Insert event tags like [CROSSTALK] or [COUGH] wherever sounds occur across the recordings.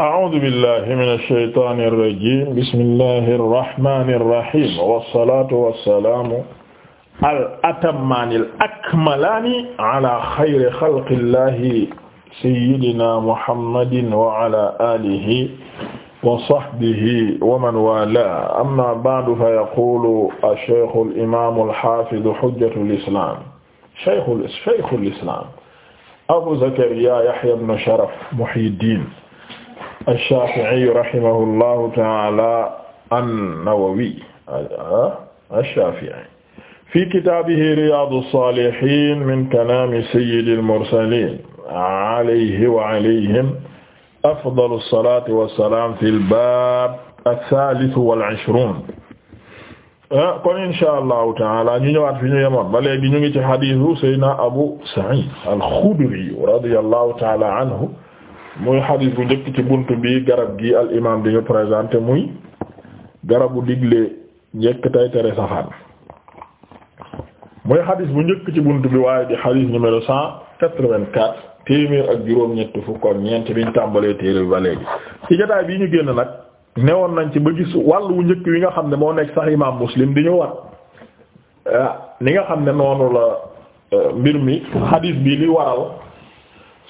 أعوذ بالله من الشيطان الرجيم بسم الله الرحمن الرحيم والصلاة والسلام الأتمان الأكملان على خير خلق الله سيدنا محمد وعلى آله وصحبه ومن والاه أما بعد فيقول الشيخ الإمام الحافظ حجة الإسلام شيخ شيخ الإسلام أبو زكريا يحيى بن شرف محي الدين ash-Shafi'i rahimahullahu ta'ala an-Nawawi ash-Shafi'i fi kitaabihi Riyaadus Saalihiin min kalaami sayyidil mursaliin alayhi wa alayhim afdalus salaati wassalaam fil baab as-saalis wal ishruun kon inshaa Allahu ta'aala ñu ñëwaat fi ñu yemoon ba léegi ñu ngi ci hadiisu Sayyidina Abu Sa'iid al-Khudri radiyallahu ta'aala anhu muy xadis bu njëkk ci bunt bi garab gi al imam di ñu présenté muy garabu digle njëkk tay tere saxaan muy xadis bu njëkk ci bunt bi waaye di xadis numéro cent quatre-vingt-quatre téeméer ak juróom-ñett fukk ak ñeent biñ tàmbalee téere ba léegi ci jotaay bii ñu génn nag newoon nañ ci ba gis wàll bu njëkk wi nga xam ne moo nekk sax imam muslim di ñu wat ah ni nga xam ne noonu la eh, mbir mi xadis bii li waral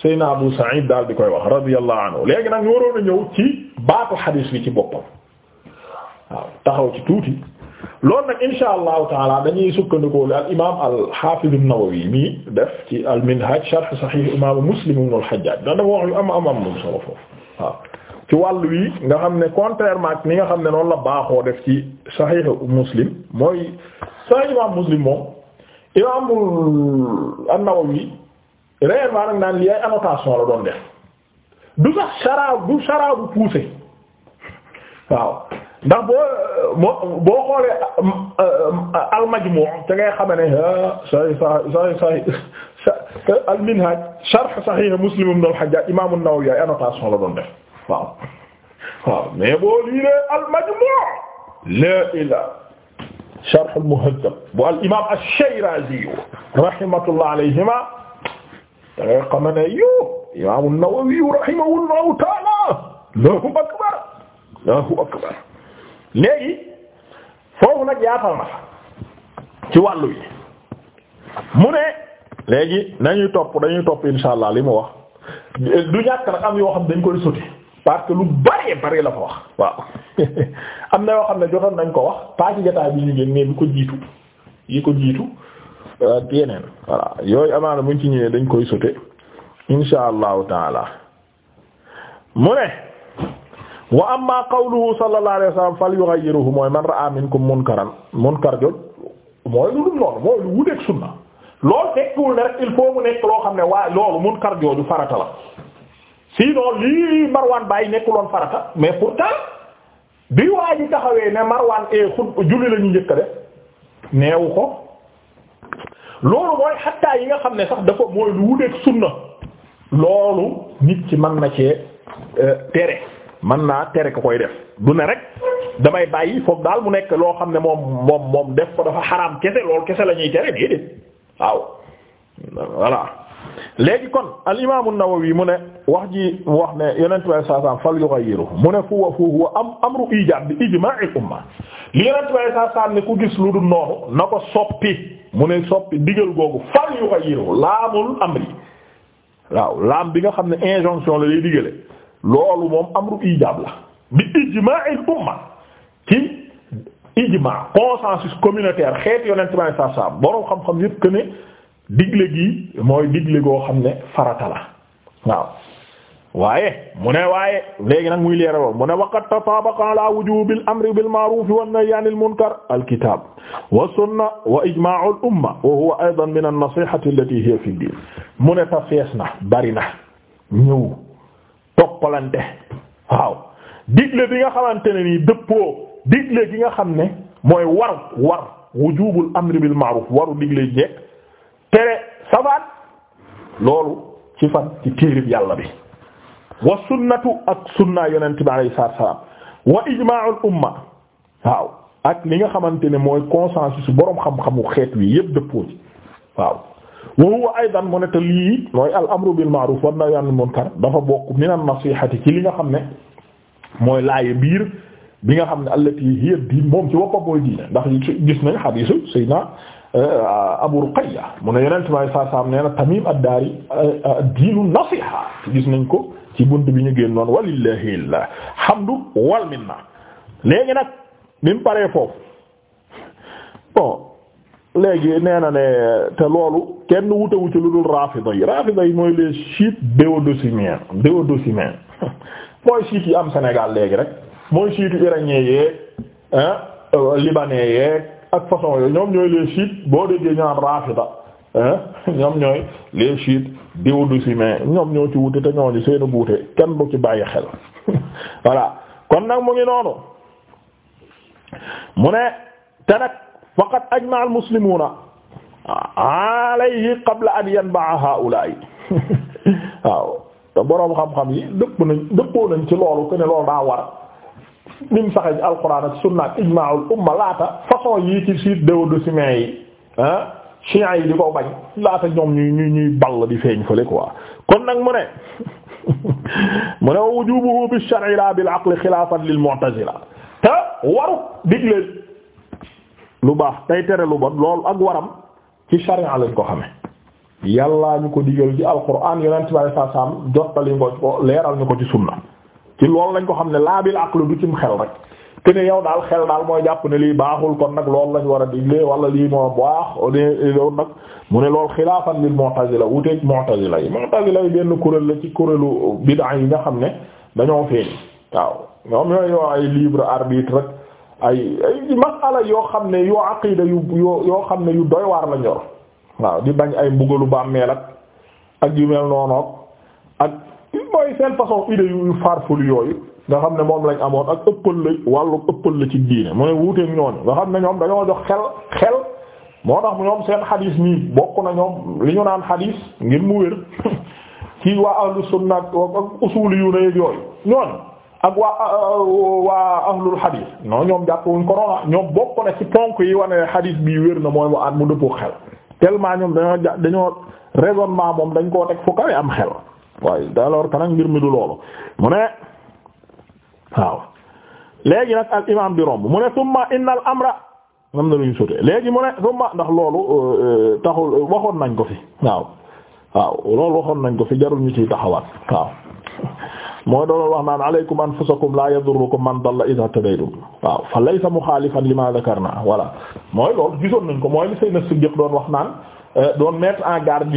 Seyna Abu Sa'id daal di koy wax radiyallahu anhu léegi nag ñu waroon a ñëw ci baatu xadiis bi ci boppam waaw taxaw tuuti loolu nag insha allahu taala dañuy sukkandikoo li al imaam al xaafiz an-Nawawi mii def ci al minhaj sharh sahih imaamu Muslim ibn al Hajjaj ndax wax lu am am am lu ci wàllu wi nga xam ne contrairement ak nga xam ne noonu la baaxoo def ci sahih Muslim mooy sahih imaam Muslim réellement nag naan li ay annotation la doon def du sax sharab du sharabu poussé waaw ndax boo boo xoolee euh, al-Majmu' te ngay xama ne ah, sahih sahih sahih al-Minhaj sharh Sahih Muslim ibn al-Hajjaj imam an-Nawawi ay annotation la doon def waaw waaw mais boo liiree al-Majmu' la ila sharh al-Muhadhab bu al-imam ash-Shirazi rahmatullah alayhima da ngay xama ne yo imaamu Nawawi rahimahullahu taala Allahu akbar Allahu akbar léegi foofu nag yaatal na ci wàllu yi mu ne léegi nañuy topp dañuy topp insha allah li mu wax du ñàkk nag am yoo xam ne dañ koy sotti parce que lu bari bari la ko wax waaw [LAUGHS] am na yoo xam ne jotoon nañ ko wax pas ci jotaay bi ñu génn mais bi ko jiitu yi ko jiitu ak yooyu amaana buñ ci ñëwee dañ koy sote insha allahu taala mu ne wa amma qawluhu sallallahu alayhi wasallam falyughayyiruhu mooy man ra'a minkum munkaran munkar jot mooy lu lu mu nekk xam ne waa loolu munkar jooju farata la sinon lii Marwan Baye nekkuloon farata mais pourtant bi waa taxawee ne Marwan eh, julli la ñu njëkk a neewu ko loolu mooy xattaa yi nga xam ne sax dafa mooy lu wuteek sunna loolu nit ci mën na cee euh, tere mën naa tere ko koy def du ne rek damay bàyyi foofu daal mu nekk loo xam ne moom moom moom def ko dafa xaraam kese loolu kese la ñuy tere déedéet waaw voilà léegi kon al imaamu Nawawi mu ne wax ji wax ne yonent bi saa saa fal yughayyiru mu ne fu wa fu wa am amru ijaab bi ijmaa'il umma li yonent bi saa saa ne ku gis lu du noonu na ko soppi mu ne soppi digal googu fal yughayyiru laamul amri waaw laam bi nga xam ne injonction la lay digale loolu moom amru ijaab la bi ijmaa'il umma ci ijmaa consensus communautaire xeet yonent bi saa saa borom xam-xam yépp que ne. digle gi mooy digle goo xam ne farata la waaw waaye mu ne waaye léegi nag muy leera mu ne waqad tataabaqa ala wujubil amri bil ma'ruf wan nahyi anil munkar al wa sunna wa ijma'u al wa huwa aydan min an nasihati allati fi din mu ne ta na bari na ñëw toppalante waaw digle bi nga xamante ne nii dëppoo digle gi nga xam ne mooy war war wujubul amri bil ma'ruf waru digle jekk tere safaan loolu ci fan ci téerib yàlla bi wa sunnatu ak sunna yonent bi alayhi salaatu wa salaam wa waaw ak li nga xamante ni mooy consensus boroom xam-xamu xeet wi yépp dëppoo ci waaw wa huwa aydan mu ne lii mooy al amru bil ma'ruf wan nahyu anil munkar dafa bokk min an li nga xam ne mooy laaye bi nga xam ne allati hiya diin moom ci boppam mooy diine ndax gis nañ hadiisu Seydina Eh, Abu Ruqayya mu ne yeneen tubaab saa saa am nee na Tamim ad-Dari eh, diinu nasiha gis nañ ko ci bunt bi ñu génnoon walillahi alhamdu wal minna léegi nag bi mu paree foofu bon léegi nee na ne te loolu kenn wutewu ci lu dul rafida yi rafida yi mooy les chiites duodécimains duodécimains [LAUGHS] mooy chiites yi am senegal léegi rek mooy chiites iranien yeeg euh, libanais yeeg. ak façon yooyu ñoom ñooy les chiites boo déggee ñaan rafida ñoom ñooy les chiites duodécimains ñoom ñoo ci wute te ñooñu seenu buute kenn du ci bàyyi xel [LAUGHS] voilà kon nag mu ngi noonu mu ne te nag faqad ajma al muslimuna alayhi qabla an yanba'a haula yi [LAUGHS] waaw te boroom xam-xam yi dëpp nañ dëppoo nañ ci loolu que ne loolu daa war ni mu saxee alquran ak sunna ak ijmaa'ul umma laata façon yii ci siit duodécimains yi ah yi di ko bañ laata ñoom ñuy ñuy ñuy ball di feeñ fële quoi kon nag mu ne mu ne wujubuhu bi shar'i la bil aqli xilaafan lil mu'tazila te lu baax tey tere lu bon loolu ak waram ci sharia lañ ko xame yàllaa ñu ko digal ci alquran yonent bi sallallahu a wasallam jottali ko leeral ñu ko ci sunna ci loolu lañ ko xam ne laa bil aqlu du mu xel rek te ne yow daal xel daal mooy jàpp ne lii baaxul kon nag loolu lañ war a digle wala lii moo baax on loolu e, nag mu ne loolu xilaafan lil mu'tazila wuteeg mu'tazila yi mu'tazila yi benn kuréel la ci kuréelu bid'a yi nga xam ne dañoo feeñ waaw ñoom ñooy yoo ay libre arbitre rek ay ay yoo xam ne yoo aqida yu yoo xam ne yu doy waar la ñor waaw di bañ ay mbugalu bàmmeel ak ak yu mel noonu ak. mooy seen façon idée yu farfelu yooyu nga xam ne moom lañ amoon ak ëppal la wàllu ëppal la ci diine mu ne wuuteeg ñooñu nga xam ne ñoom dañoo jox xel xel moo tax ñoom seen xadiis nii bokk na ñoom li ñu ngir mu wér [LAUGHS] ci waa ahlu sunna ak usuli yu ne yooyu ñooñu ak waa euh, waa ahlul xadiis non ñoom jàpp wuñ ko ñoom bokk na ci ponk yi wane ne xadiis bii wér na mooy mu at mu dëppoo xel tellement ñoom dañoo dañoo raisonnement moom dañ koo teg fu am xel. waaye d'alors que ngir mbir mi du loolu mu ne waaw léegi nag al imaam bi romb mu ne summa innal amra na lu ñu léegi mu ne summa ndax loolu euh, euh, taxul euh, waxoon nañ ko fi waaw waaw loolu waxoon nañ ko fi jarul ñu ciy taxawaat waaw [LAUGHS] moo doon wax naan alaykum anfusakum la yadurrukum man dalla idha tadaytum waaw fa laysa muxaalifan lima dhakarna voilà mooy loolu gisoon nañ ko mooy li Seydina Siddiq doon wax naan doon mettre en garde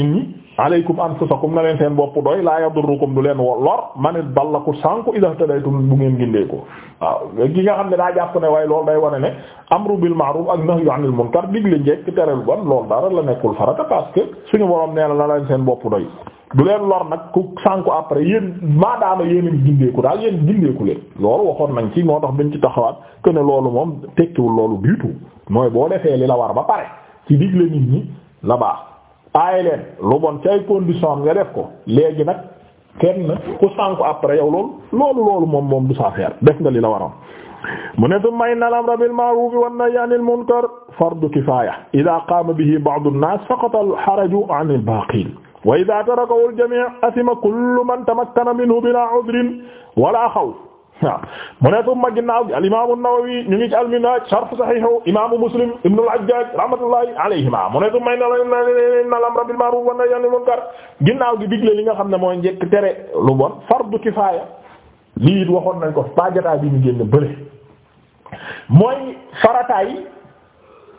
aleykum anfusakum na leen seen bopp doy laa yadurrukum du leen lor man it balla ku sànku idaa tadaytum bu ngeen gindee ko waaw gi nga xam ne daa jàpp ne waaye loolu day wane ne amru bil ma'ruf ak nahyu anil munkar digle njekk tere lu bon loolu dara la nekkul farata parce suñu borom nee na la leen seen bopp doy du leen lor nag ku sànku après yéen maadaama yéen gindeeku daal yéen gindeeku leen loolu waxoon nañ ci moo tax dañ ci taxawaat que ne loolu moom tekkiwul loolu du tout mooy boo defee li la war ba pare ci digle nit ñi aaye leen lu bon ci ay condition am nga def ko léegi nag kenn ku sànku après yow loolu loolu loolu moom moom du sa affaire def nga li la waram mu ne summa inna al-amra bil ma'ruf wan nahyi anil munkar fardu kifaya idha qama bihi ba'du an-nas saqata al-haraju 'an al-baqin wa idha tarakahu al-jami' athima kullu man tamakkana minhu bila 'udrin wala khawf waaw mu ne summa ginnaaw gi al imaamu Nawawi ñu ngi ci al-Minhaaj sharh Sahiihu imaamu Muslim ibn al-Hajjaaj rahmatullahi alayhima mu ne summa innal amra bil ma'ruuf wan nahyi anil munkar ginnaaw gi digle li nga xam ne mooy njëkk tere lu bon fardu kifaaya lii it waxoon nañ ko pajataay bi ñu génn bële mooy farataay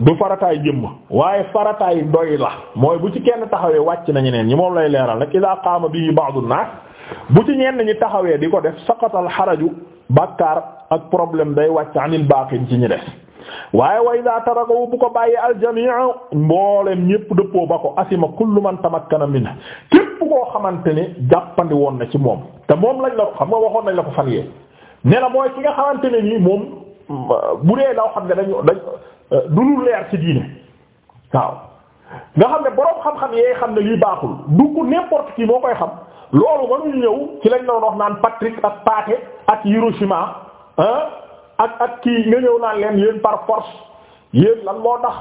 du farataay jëmm waaye farataay doy la mooy bu ci kenn taxawee wàcc nañu neen ñi moom lay leeral nag idaa qaama bihi ba'du naas bu ci ñenn ñi taxawee di ko def saqatal xaraju bàkkaar ak problème day wàcc anil baaxin ci ñi des waaye wa iza tarakawu bu ko bàyyee aljami'a mbooleem ñépp dëppoo ba ko asima kullu man tamakkana minhu képp koo xamante ni jàppandi woon na ci moom te moom lañ la ko xam nga waxoon nañ la ko fan yee ne mooy ki nga xamante ne nii moom bu dee loo xam ne dañu dañ du lu leer ci diine waaw nga xam ne boroom xam-xam yee xam ne lii baaxul du ko n'importe qui moo koy xam loolu ñu ñëw ci lañ doon wax naan Patrick ak Pathé ak Hiroshima ak ak kii nga ñëw naan leen yéen par force yéen lan moo tax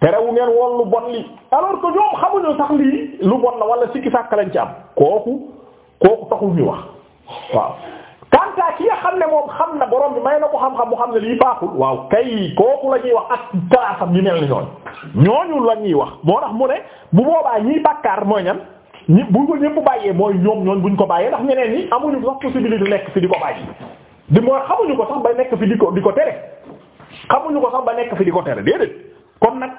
terewu ngeen woon lu bon li alors que ñoom xamuñu sax lii lu bon la wala sikki sàkk lañ ci am kooku kooku taxul ñu wax waaw. kanta ki nga xam ne moom xam na boroom bi may na ko xam-xam mu xam ne lii baaxul waaw kay kooku la ñuy wax ak kalaasam ñu mel ni ñooñu ñooñu la ñuy wax moo tax mu ne bu boobaa ñiy bàkkaar mooy ñan. ñi bu ko ñëpp bàyyee mooy ñoom ñoon buñ ko bàyyee ndax ñeneen ñi amuñu sax possibilité di nekk fi di ko bàyyi di mooy xamuñu ko sax ba nekk fi di ko di ko tere xamuñu ko sax ba nekk fi di ko tere déedéet kon nag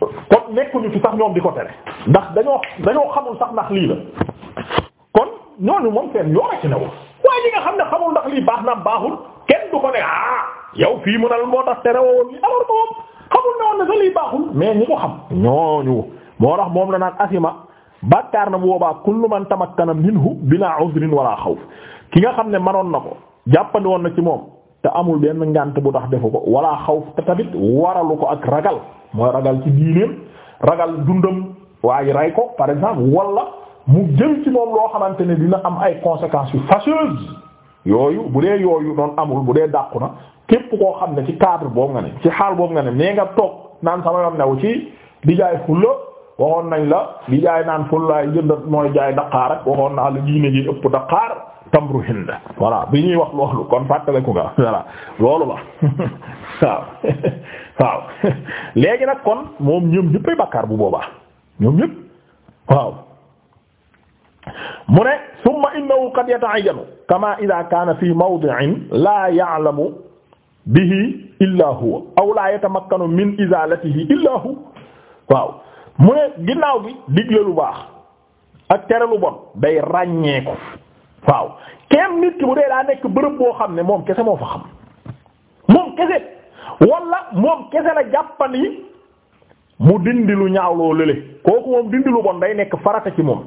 kon nekkuñu fi sax ñoom di ko tere ndax dañoo dañoo xamul sax ndax lii la kon ñooñu moom seen ñoo waaye ñi nga xam ne xamul ndax lii baax na baaxul kenn du ko ne ah yow fii mu dal moo tax tere woon ni alors xamul ne woon ne sax lii baaxul mais ñi ko xam ñooñu moo tax moom la naan asima bàkkaar na bu boobaa kullu man tamakkana minhu bila uzrin xaw xawf ki nga xam ne manoon na ko jàppandi woon na ci moom te amul benn ngànt bu tax defu ko wala xawf te tamit waralu ko ak ragal mooy ragal ci diineem ragal dundam waaye ray ko par exemple wala mu jël ci moom loo xamante ne dina am ay conséquences yu fâcheuses yooyu bu dee yooyu noonu amul bu dee dàqu na képp koo xam ne ci cadre boobu nga ne ci xaal boobu nga ne nee nga toog naan sama ci di jaay waxoon nañ la di jaay naan fullaay jënd mooy jaay daqaar ak waxoon naa la diine gi ëpp daqaar tamru hind voilà bi ñuy wax loolu kon fàttaliku nga voilà loolu la [LAUGHS] waaw [LAUGHS] waaw [LAUGHS] léegi nag kon moom ñoom ñëppay bakkaar bu boobaa ñoom ñëpp waaw mu ne summa innahu qad yata'ayyanu kama idha kana fi mawdi'in la ya'lamu bihi illa huwa aw la yatamakkanu min izalatihi illa huwa waaw mu ne ginnaaw bi digle lu baax ak tere lu bon day ràññeeku waaw kenn nit ki bu dee daa nekk bërëb boo xam ne moom kese moo fa xam moom kese wala moom kese la jàppandi mu dindi lu ñaaw loo kooku moom dindi lu bon day nekk farata ci moom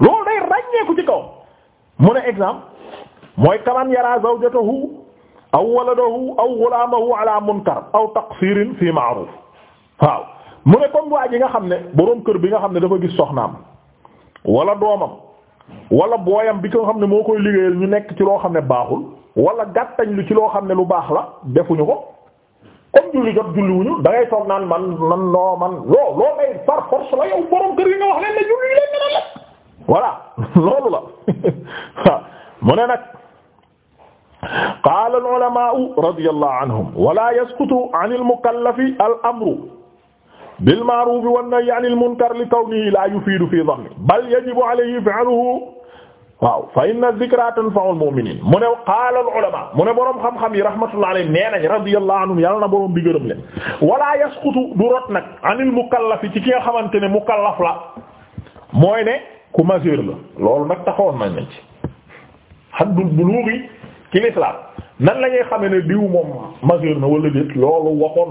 loolu day ràññeeku ci kaw mu ne exemple mooy kaman yara zawjatahu aw waladahu aw ghulamahu ala munkar aw taqsirin fi ma'ruf waaw mu ne comme waa ji nga xam ne boroom kër bi nga xam ne dafa gis soxnaam wala doomam wala booyam bi ko xam ne moo koy liggéeyal ñu nekk ci loo xam ne baaxul wala gàttañ lu ci loo xam ne lu baax la defuñu ko comme julli jot julliwuñu da ngay toog naan man man noo man loo loo [LAUGHS] loolu la [LAUGHS] mu ne nag qaala al ulamaa radiyallahu anhum wala yasqutu anil mukallafi al amru bil ma'ruf wan nahyi anil munkar li kawnihi la yufidu fi dhanni bal yajibu alayhi fi'luhu waaw fa inna dhikra tanfa'ul mu'minin mu ne qaala al ulama mu ne boroom xam-xam yi rahmatullah alayhi nee nañ radiyallahu anhum yàlla na boroom bi gërëm leen wala yasqutu du rot nag anil mukallafi ci ki nga xamante ne mukallaf la mooy ne ku majeur la loolu nag taxawoon nañ nañ ci haddul bulughi ci l'islam nan la ñuy xamee ne diw moom majeur na wala déet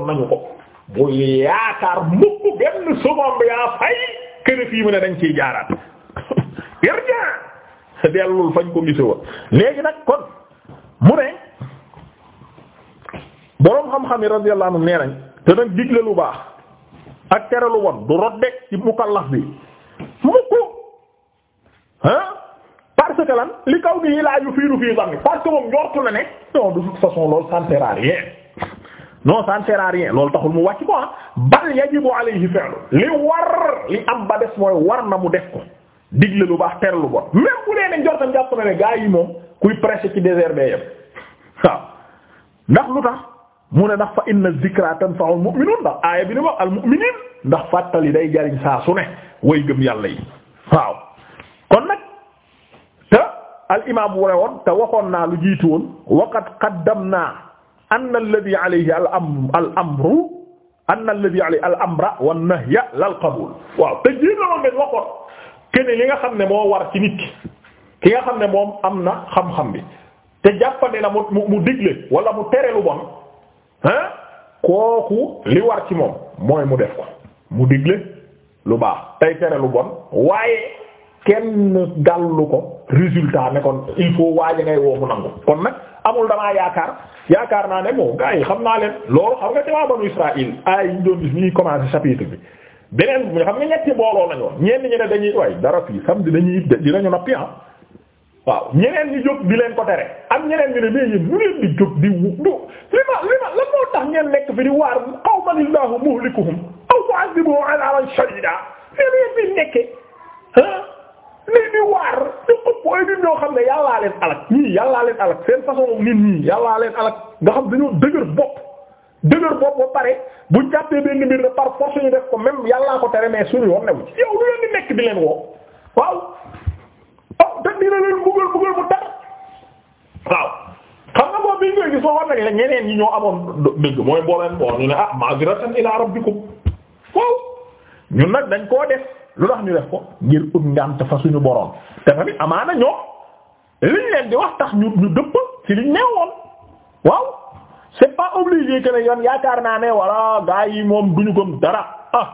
nañu ko bu yaakaar mukk benn seconde yaa fay kër fii mu ne dañ ciy jaaraat irja dellul fañ ko gise wa léegi nag kon mu ne boroom xam-xam yi radiyallahu anhu nee nañ te nag digle lu baax ak tere lu bon du rot dekk ci mukallaf bi mukk ah parce que lan li kaw ni yi laa yu fiiru fii zanni parce que moom njortu na ne non de façon loolu ça ne sert non ça ne sert loolu taxul mu wàcc ko ah bal yajibu alayhi fi'lu li war li am ba des mooy war na mu def ko digle lu baax tere lu bon même bu dee ne njortam na ne gaa yi moom kuy prêcher ci désert bee yem waaw ndax lu tax mu ne ndax fa inna zikra tanfa'u al ndax aaya bi ni wax al-mu'minin ndax fàttali day jariñ saa su ne way gëm yàlla yi waaw kon nag te al imaam bu woon te waxoon naa lu jiitu woon waqad qaddamnaa anna alladhi alayhi al am al amru anna alladhi alayhi al amra waaw te jiir la moom dañ waxoon kene li nga xam ne moo war ci nit ki nga xam ne moom am na xam-xam bi te jàppandi na mu mu digle wala mu tere lu bon hein kooku li war ci moom mooy mu def ko mu digle lu baax tey tere lu bon waaye kenn gàllu ko résultat ne kon il faut waaja ngay woo mu nangu kon nag amul damaa yaakaar yaakaar naa ne moo gars xam naa leen loolu xam nga ci waa banu Israël ay ñu doon gis ñuy commencé chapitre xam nga ñetti mbooloo lañu woon ñenn ñi ne dañuy waay dara fii samedi dañuy dinañu nappi ah waaw ñeneen ñi jóg di leen ko tere am ñeneen ñi ne mais yéen ñu leen di jóg di wu du li ma li ma lan moo tax ngeen nekk fi di waar qawman Allahu muhlikuhum aw mu'adhibuhum 'adaban shadidan fi nekkee ah. lii di waar di ëpp ay nit ñoo xam ne yàllaa leen alak ñii yàllaa leen alak seen façon nga xam dañoo dëgër bopp dëgër bopp ba pare bu jàppee benn mbir na par force ñu def ko même yàllaa ko tere mais suñu yoon newu ci yow lu leen di nekk di leen woo waaw oh, te dina leen buggal buggal bu dara waaw xam nga moom bi ñooy gis waxoon nañ la ñeneen ñi ñoo amoon dëgg mooy mbooleen boo ñu ne ah ma'ziratan ila rabbikum waaw ñun nag dañ koo def lu tax ñu def ko ngir ut ngànt fa suñu boroom te tamit amaana ñoom liñ leen di wax tax ñu ñu dëpp ci liñ neewoon waaw c'est pas obligé que ne yoon yaakaar naa ne walla gaa yi moom duñu gëm dara ah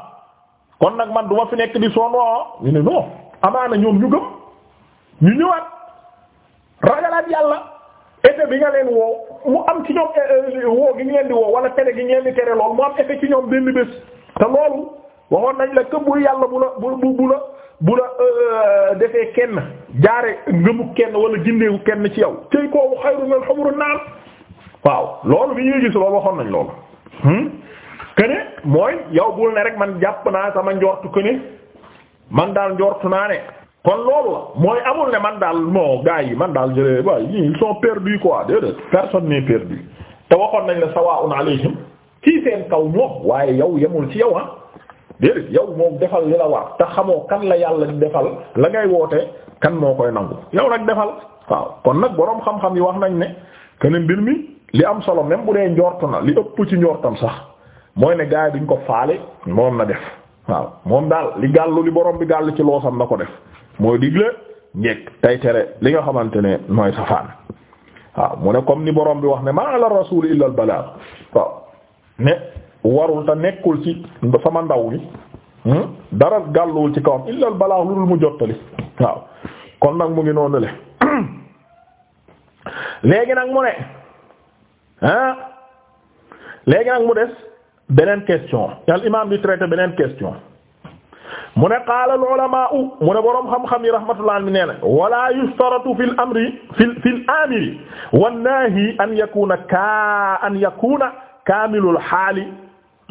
kon nag man duma fi nekk di sonn oo ñu ne non amaana ñoom ñu gëm ñu ñëwaat ragalaat yàlla effet bi nga leen woo mu am ci ñoom euh, euh, woo gi ñu di woo wala tere gi ñeen leen di tere lool mu loolu. waxoon nañ la que bu yàlla bu la bu bu la bu la euh, euh, defee kenn jaare ngëmu kenn wala gindeeku kenn ci yow tey kooku xayru min humru waaw loolu bi ñuy gis loolu waxoon nañ loolu hmm? que mooy yow bul ne rek man jàpp naa sama njortu que ne man daal njortu naa ne kon loolu la mooy amul ne man daal moo gars yi man daal jëlee waaye ils sont perdus quoi déedéet personne n'est perdu te waxoon nañ la sawaa'un alayhim ci seen kaw ñoom waaye yow yemul ci yow ah. déedéet yow moom defal li la war te xamoo kan la yàlla di defal la ngay woote kan moo koy nangu yow nag defal waaw kon nag boroom xam-xam yi wax nañ ne keneen mbir mi li am solo même bu dee njort na li ëpp ci njortam sax mooy ne gaay duñ ko faale moom na def waaw moom daal li gàll li borom bi gàll ci loosam na ko def mooy digle njekk tay tere li nga xamante ne mooy safaan waaw mu ne comme ni borom bi wax ne maa la rasul illa al balagh waaw warul te nekkul ci sama ndaw li hmm? dara gàlluwul ci kawam illal balaax lu mu jottali waaw kon nag mu ngi noonu [CLEARS THROAT] nag mu ne ah léegi nag mu des beneen question al imam bi traité beneen question mu ne qaala al ulamaa mu ne boroom yi rahmatullah mi nee na wala yustaratu fi l amri fi naahi an yakuna ka an yakuna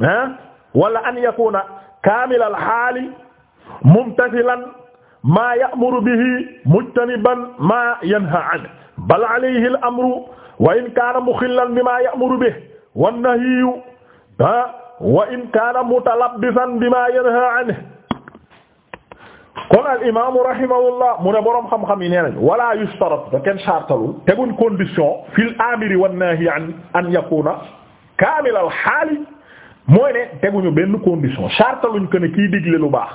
ah wala an yakuna kaamilal xaali mumtasilan maa ya'muru bihi mujtaniban maa yanha anhu bal alayhi al amru wa in kaana muxillan bimaa ya'muru bihi wan nahyu ah wa in kaana mutalabbisan bimaa yanha anhu kon al imaamu rahimahullah mu ne boroom xam-xam yi nee nañ wala yushtarat te kenn sartalul teguñ condition fil amiri wan nahyi an an yakuna kaamilal xaali mooy ne teguñu benn condition sartaluñ ko ne kiy digle lu baax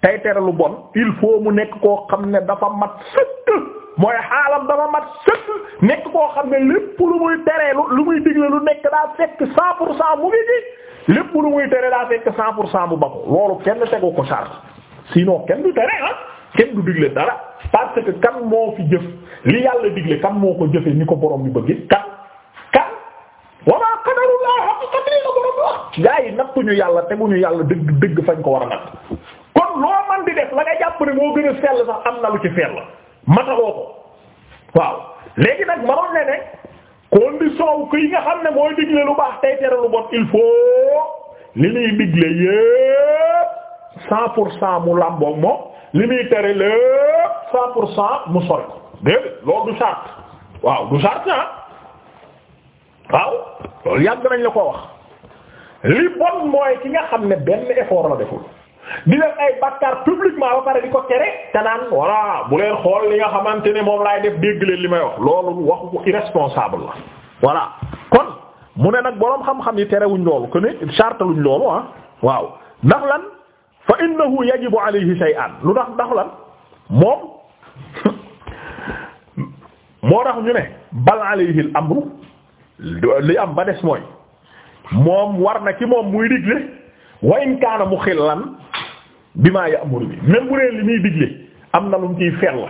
tey tere lu bon il faut mu nekk koo xam ne dafa mat sëkk mooy xaalam dafa mat sëkk nekk koo xam ne lépp lu muy teree lu muy digle lu nekk daa fekk cent pour cent mu ngi ci lépp lu muy tere daa fekk cent pour cent mu ba ko loolu kenn tegu ko sart sinon kenn du tere ah kenn du digle dara parce que kan moo fi jëf li yàlla digle kan moo ko jëfe ñu ko borom bi bëgg kat gaa yi nattuñu yàlla teguñu yàlla dëgg dëgg fañ ko war a natt kon loo man di def la nga jàpp ne moo gën a sell sax am na lu ci sell mataloo ko waaw léegi nag manoon ne ne condition ku yi nga xam ne mooy digle lu baax tey tere lu bon il faut li ñuy digle yépp cent pour cent mu làmboog moom li muy tere lépp cent pour cent mu sori loolu du charte waaw du charte ah waaw loolu yàgg nañ la ko wax li bon mooy ki nga xam ne benn effort la deful di ay bàkkaar publiquement ba pare di ko tere te naan bu leen xool li nga xamante ne moom laay def dégg leen li may wax loolu waxu ko irresponsable la voilà kon mu ne nag boroom xam-xam yi terewuñ loolu que ne charte luñ loolu ah waaw ndax lan fa innahu yajibu alayhi shay'an lu tax ndax lan moom [LAUGHS] moo tax ñu ne bal alayhi al amru li am ba des mooy moom war na ci moom muy digle wa in kaana mu xillan bi maa ya'muru bi même bu dee li muy digle am na lu mu ciy la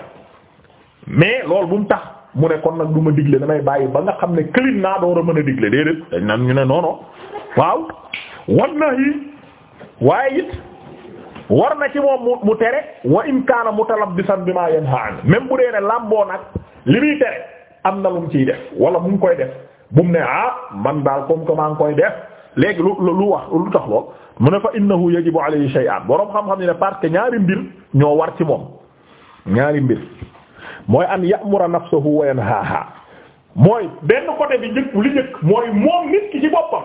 mais loolu bu mu tax mu ne kon nag du ma digle damay bàyyi ba nga xam ne këlin naa door a mën a digle déedéet dañ naan ñu ne noonu waaw wan yi waaye it war na ci moom mu tere wa in kaana mutalabbisan bi maa yanha an même bu dee ne làmboo nag li muy tere am na lu mu ciy def wala mu ngi koy def bu mu ne ah man daal comme que maa ngi koy def léegi lu lu wax lu tax lool mu ne fa innahu yajibu alayhi shay'an boroom xam-xam ne parce que ñaari mbir ñoo war ci moom ñaari mbir mooy an ya'mura nafsahu wa yanhaha mooy benn côté bi njëkk mooy moom nit ki ci boppam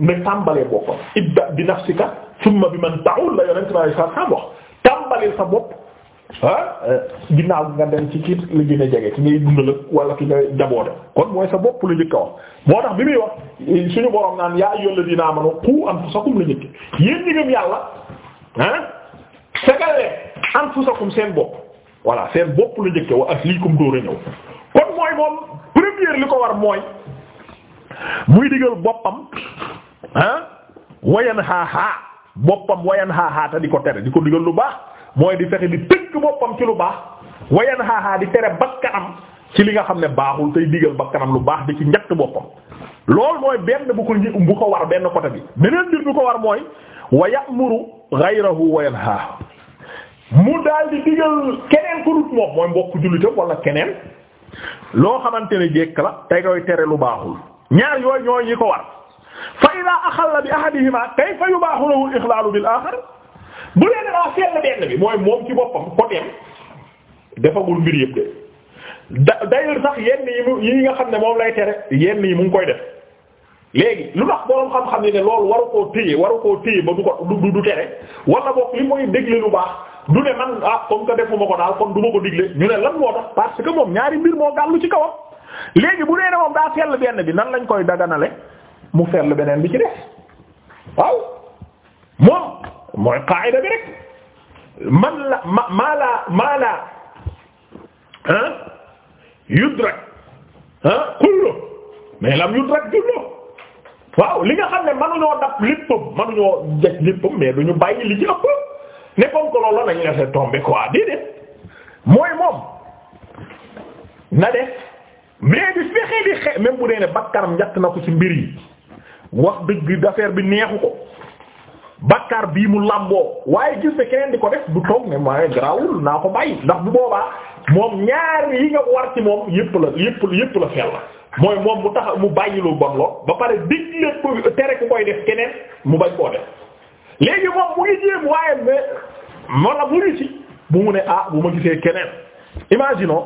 ne tàmbalee boppam ibda bi nafsika thumma la yonent sa bopp ah eh, ginnaaw nga dem ci kii la gën a jege ki ngay dundal wala ki nga jaboote kon mooy sa bopp la njëkk a wax moo tax bi muy wax suñu borom naan yaa yolla dinaa mën a ku anfusakum la njëkk yéen ñi gëm yàlla ah segal leen anfusakum seen bopp voilà seen bopp la njëkk wa aslikum dóor a ñëw kon mooy moom première li ko war mooy muy digal boppam ah wayan xaaxaa boppam wayan xaaxaa te di ko tere di ko digal lu baax mooy di fexe di tënk boppam ci lu baax wayan xaaxaa di tere bakkanam ci li nga xam ne baaxul tey digal bakkanam lu baax bi ci njett boppam loolu mooy benn bu ko bu ko war benn côté bi beneen mbir bu ko war mooy wa ya'muru ghayrahu wa yanha mu daal di digal keneen ku moom mooy mbokk jullitam wala keneen loo xamante ne jekk la tey koy tere lu baaxul ñaar yooyu ñooy ñi ko war fa ida axalla bi ahadihima kayfa yubaahu lahu ixlaalu bil aaxar bu dee danaa fenn benn bi mooy moom ci boppam côté defagul mbir yëpp de da d'ailleurs sax yenn yi mu yi nga xam ne moom lay tere yenn yi mu ngi koy def léegi lu tax boroom xam-xam ni ne loolu waru koo téye waru koo téye ba du ko du du tere wala boog li mooy dégle lu baax du ne man ah comme que defuma ko daal kon duma ko digle ñu ne lan moo tax parce que moom ñaari mbir moo gàllu ci kawam léegi bu dee ne moom daa fell benn bi nan lañ koy daganale mu fell beneen bi ci def waaw moom mooy qaayida bi rek man la ma maa la maa la ah yudrak ah kullu mais lam yudrak kullu waaw li nga xam ne mënuñoo dab léppam mënuñoo jag léppam mais duñu bàyyi li ci ëpp ne comme que loolu nañu laisser tomber quoi déedéet mooy moom na def mais di fexe di xe même bu dee ne bakkaram njëkk na ko ci mbir yi wax dëgg d'affaire bi neexu ko. bakkaar bii mu làmboo waaye gis ne keneen di ko def du toog ne ma garaawul naa ko bàyyi ndax bu boobaa moom ñaar yi nga war ci moom yépp la yépp yépp la fel la mooy moom mu tax mu bàyyi lu bon lool ba pare digle ko tere ku koy def keneen mu bañ koo def léegi moom mu ngi jéem waaye mais man la mu ngi ci mu ne ah bu ma gisee keneen imaginons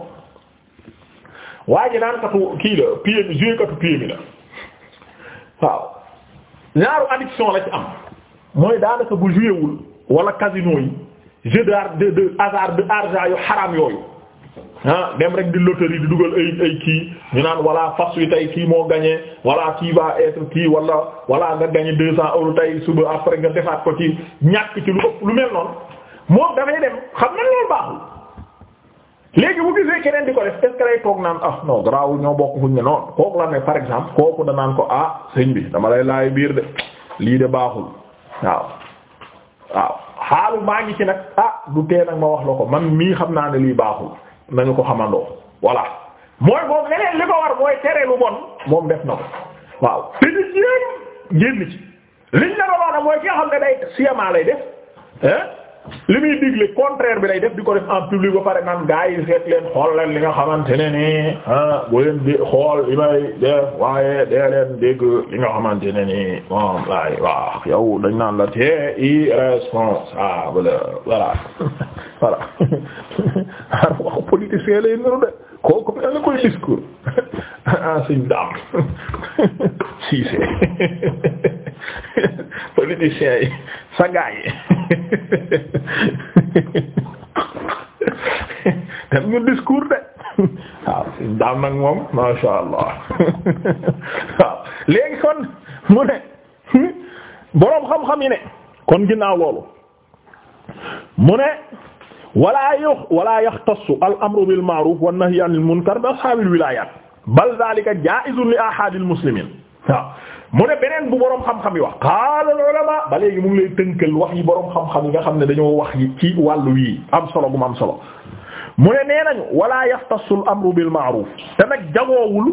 waaye ji naan katu kii la PM joué la waaw ñaaru addiction la ci am. mooy daanaka bu joué wul wala casino yi jeu de de hasard de argent yu xaram yooyu ah dem rek di loterie di dugal ay kii ñu naan voilà fas wi tey kii moo gagné voilà kii va kii wala voilà nga gagné deux cent euros tey suba après nga defaat ko ci ñàkk ci lu ëpp lu mel noonu moom dafay dem xam na loolu baaxul. léegi bu gisee keneen di ko def est toog naan ah non garaawul ñoo bokk fu ñu noonu kooku la ne par exemple kooku danaan ko ah sëñ bi biir de lii de baaxul. waaw waaw xaalu maa ngi ci nag ah du tee nag ma wax la ko man mii xam naa ne lii baaxul nañu ko xamandoo voilà mooy moom leneen li ko war mooy tere lu bon moom def na ko waaw te ñu jéem génn ci liñ la doon wax mooy ki nga xam ne day siyamaa lay def. li muy digle contraire bi lay def di ko en public ba pare naan gaa yi seet leen xool leen li nga xamante ne nii ah bu leen di xool li may def waaye dee leen dégg li nga xamante ne nii moom laay waaw dañ naan la te irresponsable voilà [LAUGHS] voilà ar [LAUGHS] waxu politicien lay niru de kooku mel ni koy discours ah sëñ daam si c'est [LAUGHS] politiciens yi sa gaay yi [LAUGHS] def ñu discours de waaw daam nag moom masha allah [LAUGHS] waaw léegi kon mu ne boroom xam-xam yi ne kon ginnaaw loolu mu ne walaa yox walaa yaxtassu al amru bil ma'ruf wan nahyi anil munkar bi ashaabil wilaayat bal zaalika jaa'izun li ahadil muslimiin waaw mu ne beneen bu borom xam-xam yi wax qaala al ulama ba léegi mu ngi lay tënkal wax yi boroom xam-xam yi nga xam ne dañoo wax yi ci wàllu wii am solo bu mu am solo mu ne nee nañu wala yaxtassu al amru bil ma'ruf te nag jagoowul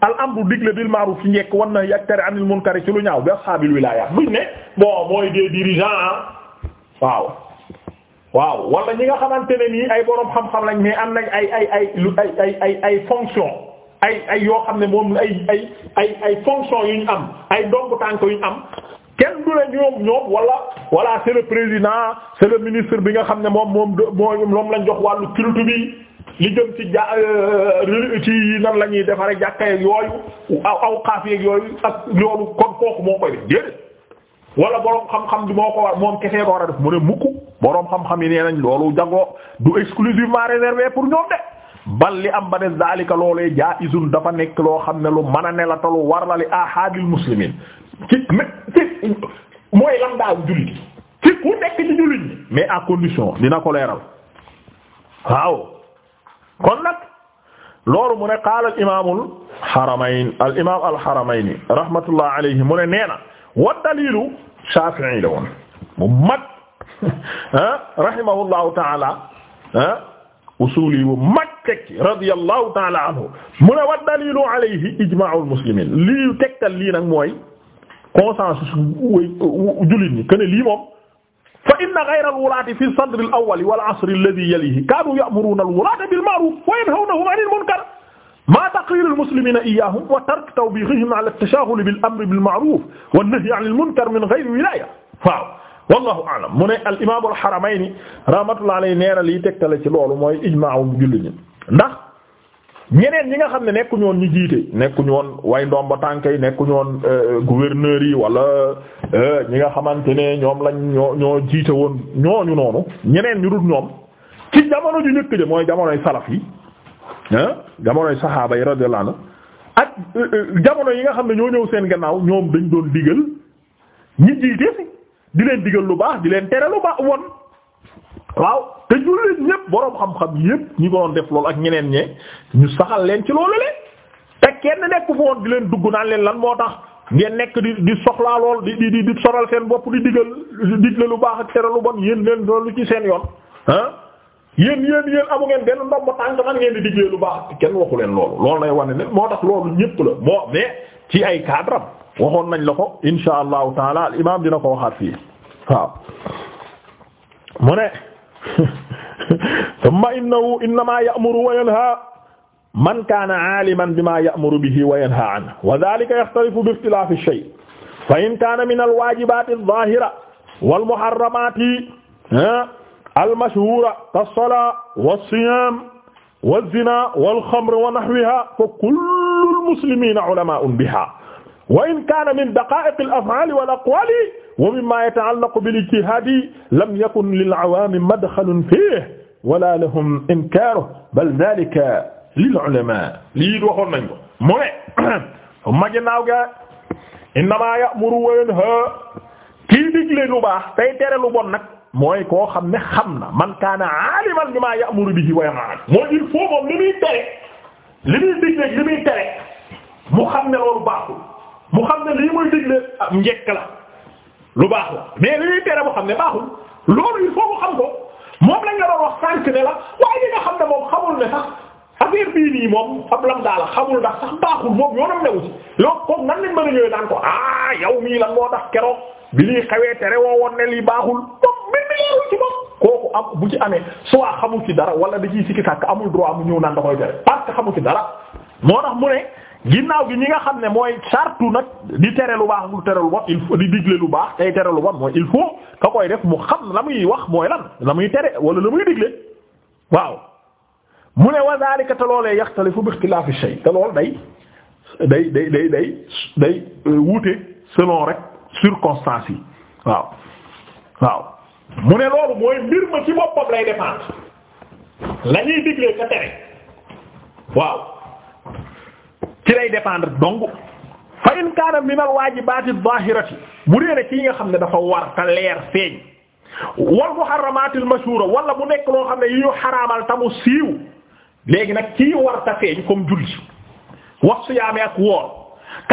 al amru digle bil ma'ruf ci njekk wan na yak tere anil munkar ci lu ñaaw bi ashaabil wilaayaat buñ ne bon mooy des dirigeants ah. waaw waaw wala ñi nga xamante ne ni ay boroom xam-xam lañ mais am nañ ay ay ay ay ay ay fonction ay ay yoo xam ne moom ay ay ay ay fonction yu ñu am ay domb tànk yu ñu am kenn du la ñoom ñoom wala wala président c'est ministre bi nga xam ne moom moom mooy moom lañ jox wàllu culture bi li jëm ci ja euh, ci nan la ñuy defaree jàkka yeeg yooyu aw aw xaaf yeeg yooyu ak loolu kon kooku moo koy def déedéet. wala boroom xam-xam bi moo ko war moom kese ko war a def mu ne mukk boroom xam-xam yi nee nañ loolu jagoo du exclusivement réservé pour ñoom de. bal li am ba ne zalika loolee dafa nekk loo xam ne lu mën a ne la talu war la li ahadil muslimin ci ci mooy lam daaw jullit ci ku nekk ci jullit dina ko leeral waaw kon nag loolu mu ne qaala al imaamul rahmatullah alayhi mu ne nee na wa dalilu la mu mag [LAUGHS] ah rahimahullahu ta'ala ah usuli tekki radiyallahu ta'ala anhu mu ne wa dalilu alayhi ijma'ul muslimin lii tegtal lii nag mooy consensus jullit ñi que ne lii moom fa inna ghayra al-wulaati fi sadr al-awwal wal asr alladhi yalihi kaanu ya'muruna al-wulaata bil ma'ruf wa yanhawnahum 'anil munkar ma taqrir al-muslimina iyyahum wa tark tawbihihim 'ala at-tashaghul bil amri bil ma'ruf wan nahyi 'anil munkar min ghayri wilaaya waaw wallahu a'lam mu ne al imaamul haramayni rahmatullahi alayhi neera liy tegtale ci loolu mooy ijmaa'u jullit ñi ndax ñeneen ñi nga xam ne nekkuñu woon ñu jiite nekkuñu woon way ndomba tànk yi nekkuñu woon euh, gouverneurs yi wala euh, ñi nga xamante ne ñoom lañ ñoo jiite woon ñooñu noonu ñeneen ñu dul ñoom ci jamono ju njëkk ja mooy jamonoy salaf yi ah jamonoy saxaaba yi radiyallahu ak euh, jamono yi nga xam ne ñoo ñëw seen gannaaw ñoom dañ doon digal ñi jiite di leen digal lu baax di leen tere lu baax woon waaw te jullit ñépp boroom xam-xam yépp ñi ko doon def loolu ak ñeneen ñe ñu saxal leen ci loolu leen te kenn nekk woon di leen dugg naan leen lan moo tax ngeen nekk di di soxlaa lool di di di soral seen bopp di digal digle lu baax ak tere lu bon yéen leen loolu ci seen yoon ah yéen yéen yéen amu ngeen benn ndomb tànk nan ngeen di diglee lu baax kenn waxu leen loolu loolu lay wane ne moo tax loolu ñépp la moo mais ci ay cadre waxoon nañ la ko insha allahu taala al imaam dina ko waxaat fii waaw [LAUGHS] thumma innahu innama ya'muru wa yanha man kaana aaliman bima ya'muru bihi wa yanha anhu wa dhaalika yaxtalifu bi ixtilaafi ash-shay fa in kaana min al-waajibaati adh-dhaahira wal-muharramaati ah, al-mashhuura kas-salaa was-siyaam waz-zinaa wal-xamr wa nahwihaa fa kullu al-muslimiina ulamaa'un bihaa wa in kaana min daqaa'iqi al-af'aali wal-aqwaali wa mimmaa yata'allaqu bil ijtihaadi lam yakun lil awaami madxalun fiihi wala lahum inkaaruhu bal dhaalika lil ulamaa lii waxoon nañ ko mu ne [CLEARS THROAT] ma ginnaaw ga innamaa ya'muru wa yanhaa kii digle lu baax tey tere lu bon nag mooy koo xam ne xam na man kaana aaliman bimaa ya'muru bihi wa yanhaa mooy il faut moom li muy tere li muy digle li muy tere mu xam ne loolu baaxul mu xam ne lii muy digle ah, njekk la lu baax la mais li ñuy tere boo xam ne baaxul loolu il faut mu xam ko moom la doon wax sànq ne la waaye li xam ne moom xamul ne sax affaire bii nii moom ab lam daal xamul ndax sax baaxul moom yoonam newu ci loolu kooku nan lañ mën a ñëwee naan ko ah yow mii lan moo tax keroog bi liy xawee tere woo woon ne lii baaxul moom mbir mi leerul ci moom kooku am bu ci amee soit xamul ci dara wala da ciy sikki sàkk amul droit mu ñëw naan da koy tere parce que ci dara ginnaaw gi ñi nga xam ne mooy sartu nag di tere lu baax lu tere lu bon il faut di digle lu baax tey tere lu bon mooy il faut ka koy def mu xam la muy wax mooy lan la muy tere wala la muy digle waaw mu ne wa zalika te loolee yaxtalifu bi ixtilaafi shay te lool day day day day day day euh, wuute selon rek circonstances yi waaw waaw mu ne loolu mooy mbir ma ci boppam lay dépendre la ñuy digle ka tere waaw ci lay dépendre donc fa in kaana min al waajibaati zaahirati bu dee ne ci nga xam ne dafa war ta leer feeñ wal muharramaati al mashhuura wala mu nekk loo xam ne yu ñu xaraamal tamu siiw léegi nag ci war ta feeñ comme julli wax siyaame ak woor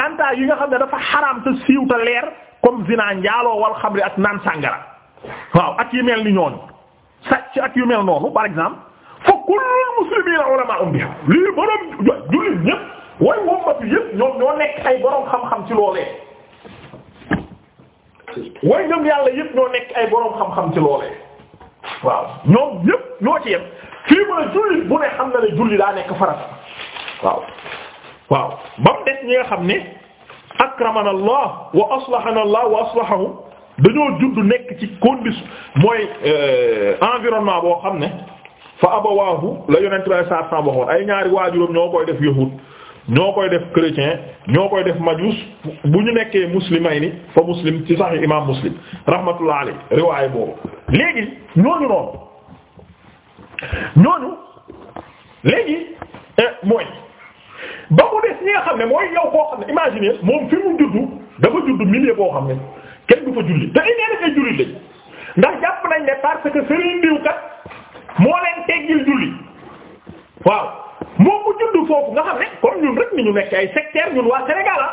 kanta yi nga xam ne dafa xaraam te siiw te leer comme zina njaaloo wal xamri ak naan sangara waaw ak yu mel ni ñooñu sàcc ak yu mel noonu par exemple fa kullu muslimiina ulamaa um biha lii borom julli ñépp way wommatu yëpp ñoom ñoo nekk ay borom xam-xam ci loolee yàlla yëpp ñoo nekk ay borom xam-xam ci loolee waaw ñoom yëpp ñoo ci yem fii mu ne julli bu ne xam na ne julli daa nekk farata waaw ba mu des ñi nga xam ne akramana allah wa aslahana allah wa aslahahum dañoo judd nekk ci condition mooy euh, environnement boo xam ne fa abawaahu la yonent bi sallallahu alayhi wasallam waxoon ay ñaari waajuram ñoo koy def yahud ñoo koy def chrétien ñoo koy def majus bu ñu nekkee muslimay ni fa muslim ci sax imam muslim rahmatullah alayhi riwaay boobu léegi ñooñu noonu ñooñu léegi eh, mooy ba mu des ñi nga xam ne mooy yow koo xam ne imaginer moom fi mu juddu dafa juddu milieu boo xam ne kenn du fa julli te ay kat moo leen teggil julli waaw moom mu judd foofu nga xam ne comme ñun rek ni ñu nekk ay sectaire ñun waa Sénégal ah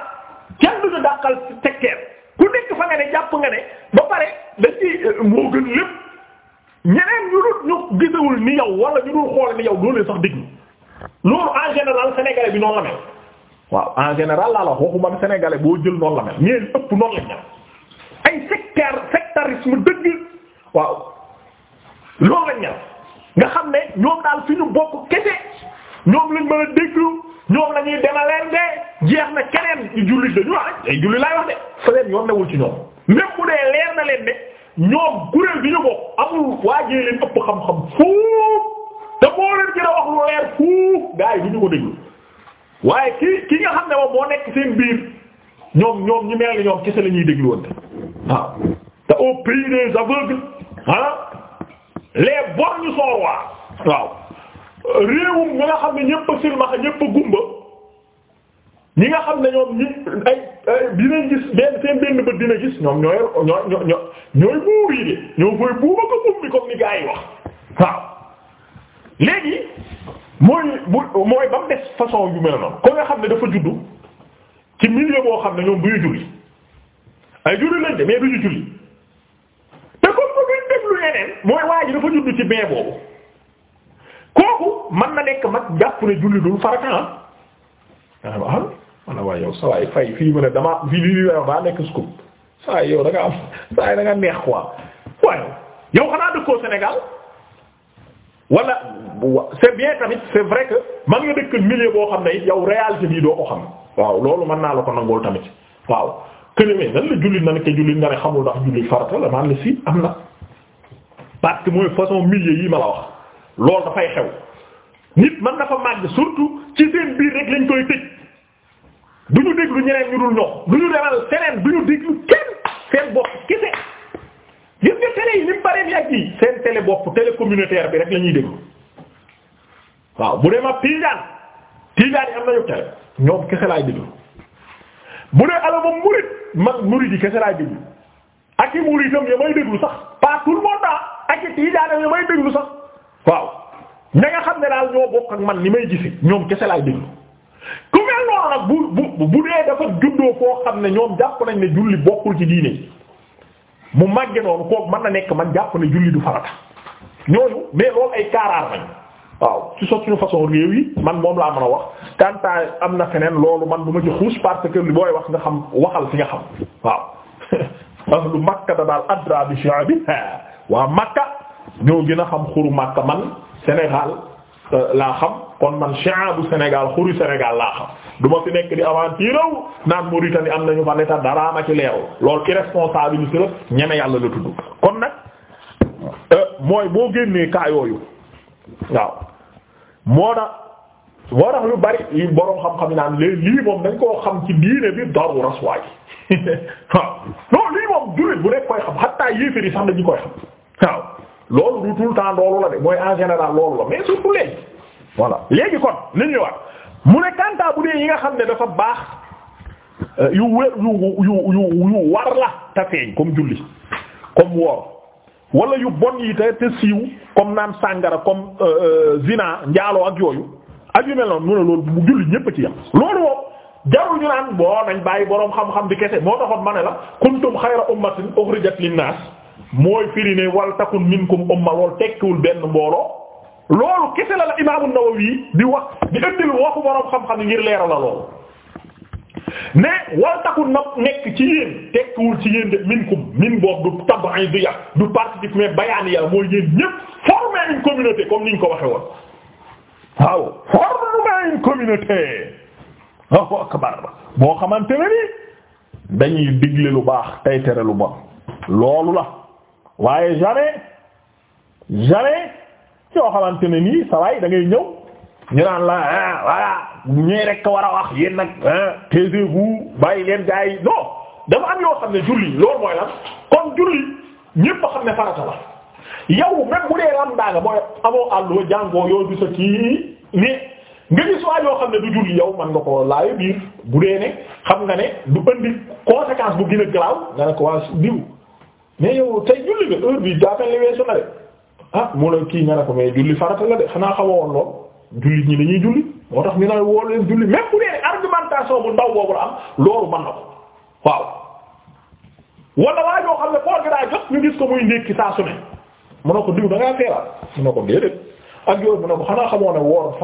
kenn duñu dàqal sectaire ku nekk fa nga ne jàpp nga ne ba pare dañ ci euh, moo gën lépp ñeneen ñu dul ñu gisewul ni yow wala ñu dul xool ni yow doolee sax digg loolu en général sénégalais bi noonu la waaw en général laa la waxuma sénégalais boo jël noonu la mel ëpp noonu la mel ay sectaire sectarisme dëgg waaw loolu la mel nga xam ne ñoom daal fi ñu bokk kese. ñoom lañ mën a déglu ñoom la demaleen de jeex na keneen ñu jullit dañu wax ay julli laay wax de fa leen yoon newul ci ñoom même bu dee leer na leen ne ñoom kuréel bi ñu bokk amul waajee leen ëpp xam-xam fuuf te boo leen gën a wax lu leer fuuf gaa yi du ñu ko déglu waaye ki ki nga xam ne moom moo nekk seen biir ñoom ñoom ñu mel ni ñoom kese la ñuy déglu woon waaw te au pays des aveugles ah les borgnes sont rois waaw. réewum ñi nga xam ne ñépp a silmaxa ñépp gumba ñi nga xam ne ñoom ñi ay dinañ gis benn seen benn bët dina gis ñoom ñooy ñoo ñoo ñooy buur yi de ñoo koy buuba ko gumbi comme ni gaa yi wax waaw léegi mooy bu mooy ba mu des façon yu ko nga xam ne dafa juddu ci milieu boo xam ne ñoom duñu julli ay julli lañ de mais duñu julli te comme ko duñ def lu yeneen mooy waa ji dafa juddu ci bee boobu kooku mën na nekk mag jàpp ne julli dul farata ah, ah waaw man la waaye fii mu ne damaa fii lii lii daa nekk da am saa waay neex quoi waaye yow xanaa dëkkoo Sénégal wala c'est que man nga dëkk milieu boo xam ne it yow réalité bii doo ko loolu mën naa la ko nangul tamit waaw këne na ne ke jullit nga ne xamul ndax julli farata man la am na parce que mooy façon milieu yi ma la wax. loolu dafay xew nit mën na fa màgg surtout ci seen biir rek lañ koy tëj du ñu déglu ñeneen ñu dul ñoom du ñu demal feneen du ñu déglu kenn seen bopp kese gis nga télé yi ni mu paree bi rek la ñuy déglu waaw bu dee ma Tijaan Tijaan yi am nañu télé ñoom kese laay déglu bu dee alama murid man murid yi kese laay déglu ak i muridam ya may déglu sax pas tout le monde ah. ak i Tijaan ya may déglu sax. waaw ña nga xam ne daal ñoo bokk ak man ni may gisi ñoom kese laay déglu ku mel noonu nag bu bu bu dee dafa juddoo koo xam ne ñoom jàpp nañ ne julli bokkul ci diine ji mu màgge noonu kooku man na nekk man jàpp ne julli du farata ñooñu mais loolu ay kaaraar nañ waaw ci suñu façon réew yi man moom laa mën a wax kantaa am na feneen loolu man du ma ci xuus parce que li booy wax nga xam waxal fi nga xam waaw [LAUGHS] lu makka da daal adra bi waa ñoo gën a xam xuru Makka man Sénégal euh, laa xam kon man shaabu Sénégal xuru Sénégal laa xam du ma nekk di avanti raw naan Mauritanie am nañu fa l'état daraa ma ci leeru loolu irresponsabilité la ñeme yàlla la tudd kon nag euh, mooy boo génnee kaa yooyu waaw moo tax moo tax lu bari yi boroom xam-xam yi naan lii moom dañ koo xam ci diine bi daru rasuwaay [LAUGHS] waaw non lii moom jullit bu nekk koy xam xattaa yéeféer yi sax dañu koy xam waaw loolu du tout le temps la de mooy en général loolu la mais surtout léegi voilà léegi kon nit ñu wax mu ne kanta bu dee yi nga xam ne dafa baax euh, yu wér yu yu yu yu war la ta feeñ comme julli comme woor wala yu bon yi te te siiw comme naan sàngara comme euh, euh, zina njaaloo ak yooyu ak yu mel noonu mu ne loolu bu julli ñépp ci yam loolu moom jarul ñu naan boo nañ bàyyi boroom xam-xam bi kese moo taxoon ma ne la kuntum xayra ummatin ukhrijat linnaas mooy firi ne wal takun minkum umma tekkiwul benn mbooloo loolu kese la la imaamu Nawawi di wax di ëndil waxu borom xam-xam ngir leeral la loolu ne wal takun nag nekk ci yéen tekkiwul ci yéen de minkum min boobu du tabaay du yàq du participe mais bayaan ya mooy yéen ñépp former une communauté comme niñ ko waxe waaw former une communauté boo xamante ne ni dañuy digle lu baax tey tere lu bon loolu la. waaye jamais jamais yoo xamante ne nii sawaay dangay ngay ñëw ñu naan la ah voilà ñee rek war a wax yéen nag ah taisez-vous bàyyi leen gars yi dafa am yoo xam ne julli loolu mooy lan kon julli ñépp xam ne farata la yow même bu dee lam daa nga mooy amoo àlluwa jàngoo yoo gis a kii ni nga gis waa yoo xam ne du julli yow man nga ko laayo biir bu dee ne xam nga ne du andi conséquence bu gën a garaaw nga ne ko diw mais yow tey julli nga heure bi daa mel ni weesu na de ah mu ne kii nga ne ko mais julli farata la de xanaa xamoon lool jullit ñi dañuy julli moo tax ñu ne woo leen julli même bu dee argumentation bu ndaw boobu la am loolu mën na ko waaw. wala waa ñoo xam ne koor gi daa jot ñu gis ko muy ndékki saa su ne mu ne ko diw da ngaa feebar mu ne ko déedéet ak yooyu mu ne ko xanaa xamoo ne woor